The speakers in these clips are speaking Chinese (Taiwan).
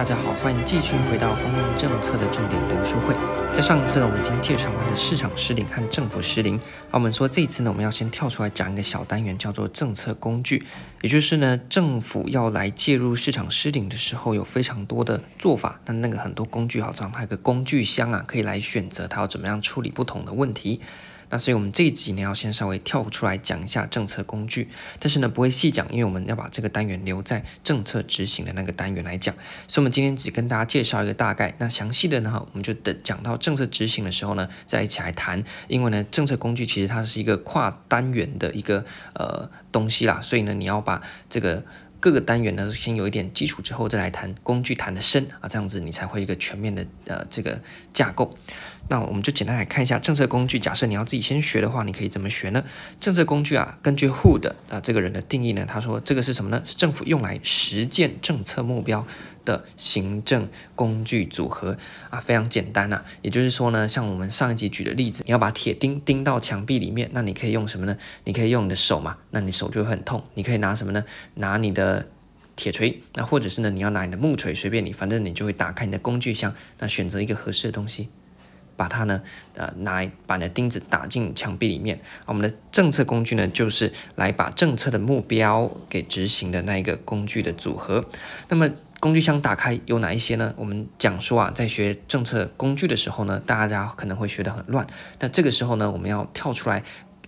大家好，歡迎繼續回到公共政策的重點讀書會。在上一次呢，我們已經介紹完了市場失靈和政府失靈。那我們說這一次呢，我們要先跳出來講一個小單元，叫做政策工具。也就是呢，政府要來介入市場失靈的時候，有非常多的做法。但那個很多工具好像，好，像它有一個工具箱啊，可以來選擇它要怎麼樣處理不同的問題。那所以，我們這一集呢，要先稍微跳出來講一下政策工具，但是呢，不會細講，因為我們要把這個單元留在政策執行的那個單元來講。所以我們今天只跟大家介紹一個大概，那詳細的呢，哈，我們就等講到政策執行的時候呢，再一起來談。因為呢，政策工具其實它是一個跨單元的一個呃東西啦，所以呢，你要把這個。各個單元呢，先有一點基礎之後，再來談工具談得深啊，這樣子你才會有一個全面的呃這個架構。那我們就簡單來看一下政策工具。假設你要自己先學的話，你可以怎麼學呢？政策工具啊，根據 Hood 的啊這個人的定義呢，他說這個是什麼呢？是政府用來實踐政策目標。的行政工具組合啊，非常簡單吶、啊。也就是說呢，像我們上一集舉的例子，你要把鐵釘釘到牆壁裡面，那你可以用什麼呢？你可以用你的手嘛，那你手就會很痛。你可以拿什麼呢？拿你的鐵錘，那或者是呢，你要拿你的木錘，隨便你，反正你就會打開你的工具箱，那選擇一個合適的東西，把它呢，呃，拿把你的釘子打進牆壁裡面。啊，我們的政策工具呢，就是來把政策的目標給執行的那一個工具的組合，那麼。工具箱打開有哪一些呢？我們講說啊，在學政策工具的時候呢，大家可能會學得很亂。那這個時候呢，我們要跳出來。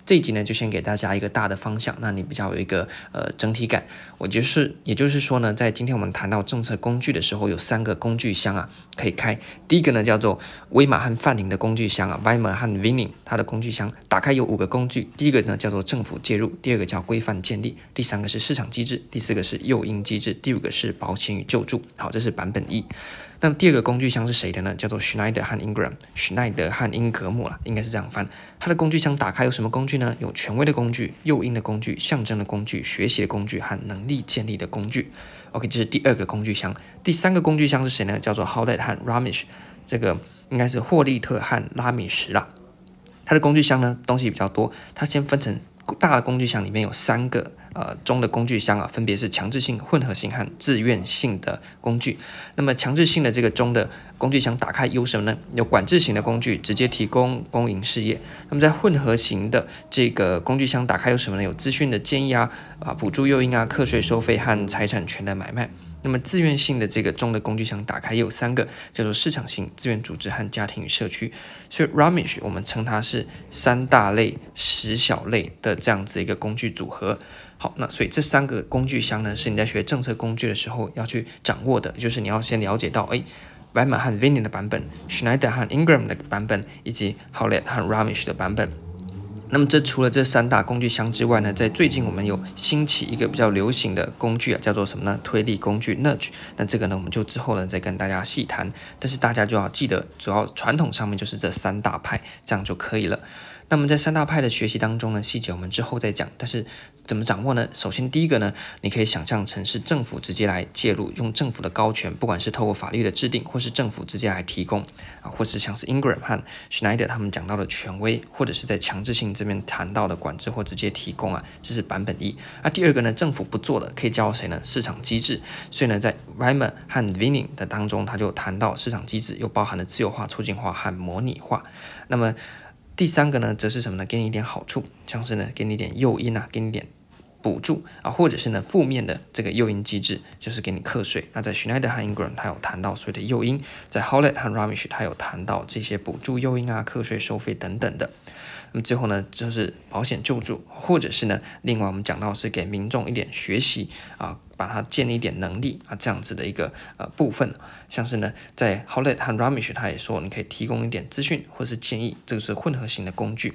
這一集呢，就先給大家一個大的方向，那你比較有一個呃整體感。我就是，也就是說呢，在今天我們談到政策工具的時候，有三個工具箱啊可以開。第一個呢叫做威馬和范寧的工具箱啊，威馬和范寧它的工具箱打開有五個工具。第一個呢叫做政府介入，第二個叫規範建立，第三個是市場機制，第四個是誘因機制，第五個是保險與救助。好，這是版本一。那麼第二個工具箱是誰的呢？叫做 Schneider 和 Ingram，Schneider 和英格姆啦，應該是這樣翻。它的工具箱打開有什麼工具呢？有權威的工具、誘因的工具、象徵的工具、學習的工具和能力建立的工具。OK，這是第二個工具箱。第三個工具箱是誰呢？叫做 Howlett 和 Ramesh，這個應該是霍利特和拉米什啦。它的工具箱呢，東西比較多。它先分成大的工具箱，裡面有三個。呃中的工具箱啊，分別是強制性、混合型和自願性的工具。那麼強制性的這個中的工具箱打開有什麼呢？有管制型的工具、直接提供公營事業。那麼在混合型的這個工具箱打開有什麼呢？有資訊的建議啊啊，補助誘因啊、課稅收費和財產權的買賣。那麼自願性的這個中的工具箱打開也有三個，叫做市場性、自願組織和家庭與社區。所以 Ramesh 我們稱它是三大類十小類的這樣子一個工具組合。好，那所以這三個工具箱呢，是你在學政策工具的時候要去掌握的，就是你要先了解到，哎，Weimer 和 Vining 的版本，Schneider 和 Ingram 的版本，以及 Howlett 和 Ramesh 的版本。那麼這除了這三大工具箱之外呢，在最近我們有興起一個比較流行的工具啊，叫做什麼呢？推力工具 Nudge。那這個呢，我們就之後呢再跟大家細談。但是大家就要記得，主要傳統上面就是這三大派，這樣就可以了。那麼在三大派的學習當中呢，細節我們之後再講。但是怎麼掌握呢？首先第一個呢，你可以想象成是政府直接來介入，用政府的高權，不管是透過法律的制定，或是政府直接來提供啊，或是像是 Ingram 和 Schneider 他們講到的權威，或者是在強制性。這邊談到的管制、或直接提供啊，這、就是版本一。那、啊、第二個呢，政府不做了，可以交誰呢？市場機制。所以呢，在 Weimer 和 Vining 的當中，它就談到市場機制又包含了自由化、促進化和模擬化。那麼第三個呢，則是什麼呢？給你一點好處，像是呢，給你一點誘因啊，給你點補助啊，或者是呢，負面的這個誘因機制，就是給你課稅。那在 Schneider 和 Ingram，它有談到所謂的誘因；在 Howlett 和 Ramesh 它有談到這些補助、誘因啊、課稅、收費等等的。那麼最後呢，就是保險救助，或者是呢，另外我們講到是給民眾一點學習啊，把它建立一點能力啊，這樣子的一個呃部分，像是呢，在 Howlett 和 Ramesh 他也說，你可以提供一點資訊或是建議，這個是混合型的工具。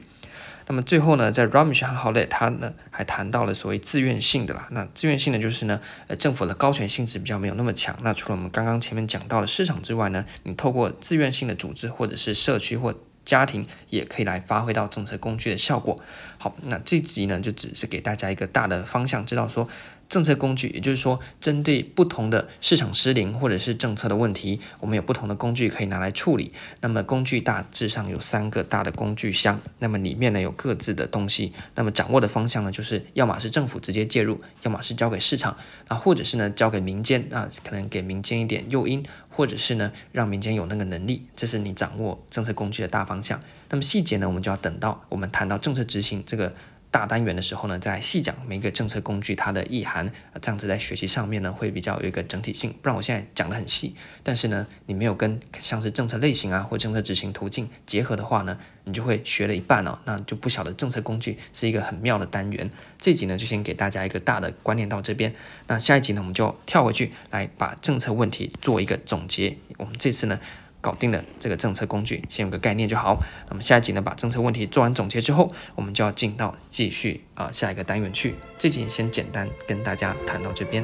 那麼最後呢，在 Ramesh 和 Howlett 他呢還談到了所謂自願性的啦，那自願性的就是呢，呃，政府的高權性質比較沒有那麼強。那除了我們剛剛前面講到的市場之外呢，你透過自願性的組織或者是社區或家庭也可以來發揮到政策工具的效果。好，那這集呢，就只是給大家一個大的方向，知道說，政策工具，也就是說，針對不同的市場失靈或者是政策的問題，我們有不同的工具可以拿來處理。那麼工具大致上有三個大的工具箱，那麼裡面呢，有各自的東西。那麼掌握的方向呢，就是要麼是政府直接介入，要麼是交給市場啊，或者是呢交給民間啊，可能給民間一點誘因，或者是呢讓民間有那個能力。這是你掌握政策工具的大方向。那麼細節呢，我們就要等到我們談到政策執行這個。大單元的時候呢，再細講每一個政策工具它的意涵，啊、這樣子在學習上面呢會比較有一個整體性。不然我現在講得很細，但是呢你沒有跟像是政策類型啊或政策執行途徑結合的話呢，你就會學了一半哦，那就不曉得政策工具是一個很妙的單元。這一集呢就先給大家一個大的觀念到這邊，那下一集呢我們就跳回去來把政策問題做一個總結。我們這次呢。搞定了這個政策工具，先有個概念就好。那麼下一集呢，把政策問題做完總結之後，我們就要進到繼續啊，下一個單元去。這集先簡單跟大家談到這邊。